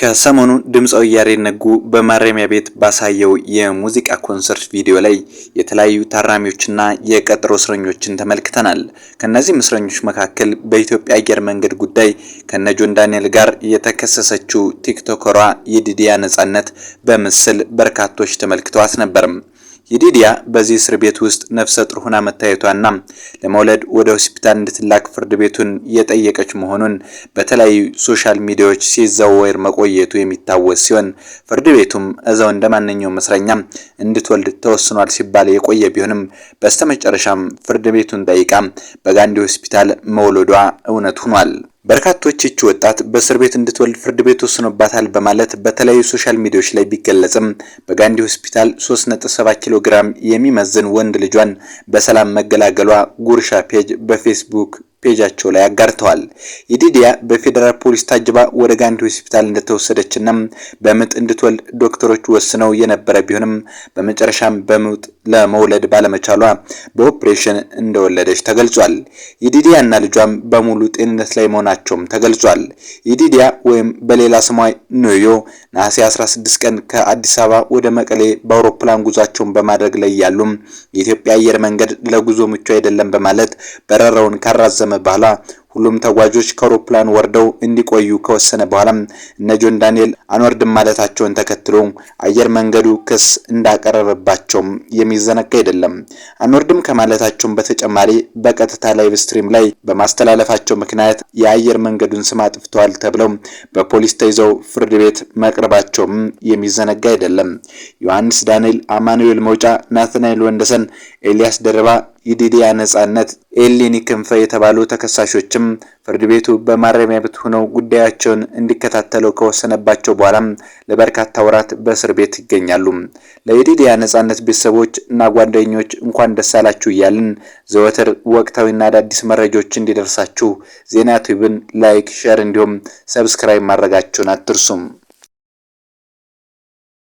ከሰሞኑ ድምፃዊ ያሬድ ነጉ በማረሚያ ቤት ባሳየው የሙዚቃ ኮንሰርት ቪዲዮ ላይ የተለያዩ ታራሚዎችና የቀጠሮ እስረኞችን ተመልክተናል። ከእነዚህም እስረኞች መካከል በኢትዮጵያ አየር መንገድ ጉዳይ ከነጆን ዳንኤል ጋር የተከሰሰችው ቲክቶከሯ የዲዲያ ነጻነት በምስል በርካቶች ተመልክተዋት ነበርም። የዲዲያ በዚህ እስር ቤት ውስጥ ነፍሰ ጡር ሆና መታየቷና ለመውለድ ወደ ሆስፒታል እንድትላክ ፍርድ ቤቱን የጠየቀች መሆኑን በተለያዩ ሶሻል ሚዲያዎች ሲዘወር መቆየቱ የሚታወስ ሲሆን ፍርድ ቤቱም እዛው እንደ ማንኛውም እስረኛ እንድትወልድ ተወስኗል ሲባል የቆየ ቢሆንም በስተመጨረሻም ፍርድ ቤቱን ጠይቃ በጋንዲ ሆስፒታል መውለዷ እውነት ሆኗል። በርካቶች ይቺ ወጣት በእስር ቤት እንድትወልድ ፍርድ ቤት ወስኖባታል በማለት በተለያዩ ሶሻል ሚዲያዎች ላይ ቢገለጽም በጋንዲ ሆስፒታል 3.7 ኪሎ ግራም የሚመዝን ወንድ ልጇን በሰላም መገላገሏ ጉርሻ ፔጅ በፌስቡክ ፔጃቸው ላይ አጋርተዋል። የዲዲያ በፌዴራል ፖሊስ ታጅባ ወደ ጋንዲ ሆስፒታል እንደተወሰደችና በምጥ እንድትወልድ ዶክተሮች ወስነው የነበረ ቢሆንም በመጨረሻም በምጥ ለመውለድ ባለመቻሏ በኦፕሬሽን እንደወለደች ተገልጿል። የዲዲያ እና ልጇም በሙሉ ጤንነት ላይ መሆናቸውም ተገልጿል። የዲዲያ ወይም በሌላ ስሟ ኖዮ ነሐሴ 16 ቀን ከአዲስ አበባ ወደ መቀሌ በአውሮፕላን ጉዟቸውን በማድረግ ላይ ያሉም የኢትዮጵያ አየር መንገድ ለጉዞ ምቹ አይደለም በማለት በረራውን ካራዘመ ከተፈጸመ በኋላ ሁሉም ተጓዦች ከአውሮፕላን ወርደው እንዲቆዩ ከወሰነ በኋላ እነ ጆን ዳንኤል አንወርድም ማለታቸውን ተከትሎ አየር መንገዱ ክስ እንዳቀረበባቸውም የሚዘነጋ አይደለም። አንወርድም ከማለታቸውም በተጨማሪ በቀጥታ ላይቭ ስትሪም ላይ በማስተላለፋቸው ምክንያት የአየር መንገዱን ስም አጥፍተዋል ተብለው በፖሊስ ተይዘው ፍርድ ቤት መቅረባቸውም የሚዘነጋ አይደለም። ዮሐንስ ዳንኤል፣ አማኑኤል መውጫ፣ ናትናኤል ወንደሰን፣ ኤልያስ ደረባ ይዲዲያ ነጻነት፣ ኤሌኒ ክንፈ የተባሉ ተከሳሾችም ፍርድ ቤቱ በማረሚያ ቤት ሆነው ጉዳያቸውን እንዲከታተለው ከወሰነባቸው በኋላም ለበርካታ ወራት በእስር ቤት ይገኛሉ። ለይዲዲያ ነጻነት ቤተሰቦች እና ጓደኞች እንኳን ደስ አላችሁ እያልን ዘወትር ወቅታዊና አዳዲስ መረጃዎች እንዲደርሳችሁ ዜና ቲዩብን ላይክ፣ ሼር እንዲሁም ሰብስክራይብ ማድረጋችሁን አትርሱም።